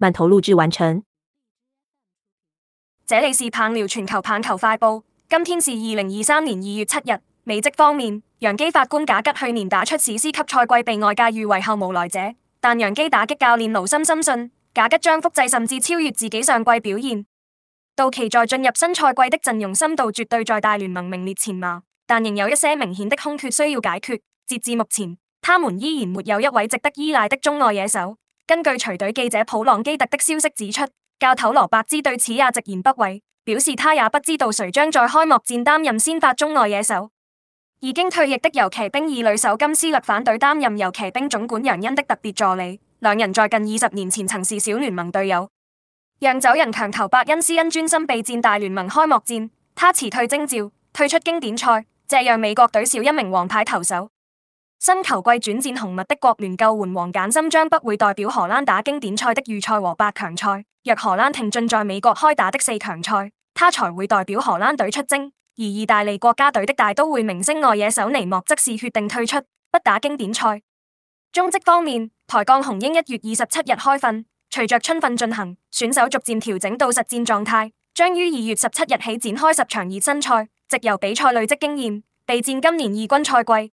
滿頭錄製完成。這裏是棒聊全球棒球快報。今天是二零二三年二月七日。美職方面，揚基法官賈吉去年打出史詩級賽季，被外界譽為後無來者。但揚基打擊教練勞森深信，賈吉將複製甚至超越自己上季表現。道奇在進入新賽季的陣容深度絕對在大聯盟名列前茅，但仍有一些明顯的空缺需要解決。截至目前，他們依然沒有一位值得依賴的中外野手。根據隨隊記者普朗基特的消息指出，教頭羅伯茲對此也直言不諱，表示他也不知道誰將在開幕戰擔任先發中外野手。已經退役的遊騎兵二壘手金斯勒返隊擔任遊騎兵總管楊恩的特別助理，兩人在近二十年前曾是小聯盟隊友。釀酒人強投伯恩斯因專心備戰大聯盟開幕戰，他辭退徵召，退出經典賽，這讓美國隊少一名王牌投手。新球季轉戰紅襪的國聯救援王簡森將不會代表荷蘭打經典賽的預賽和八強賽，若荷蘭挺進在美國開打的四強賽，他才會代表荷蘭隊出征。而意大利國家隊的大都會明星外野手尼莫則是決定退出，不打經典賽。中職方面，台鋼雄鷹一月二十七日開訓，隨着春訓進行，選手逐漸調整到實戰狀態，將於二月十七日起展開十場熱身賽，藉由比賽累積經驗，備戰今年二軍賽季。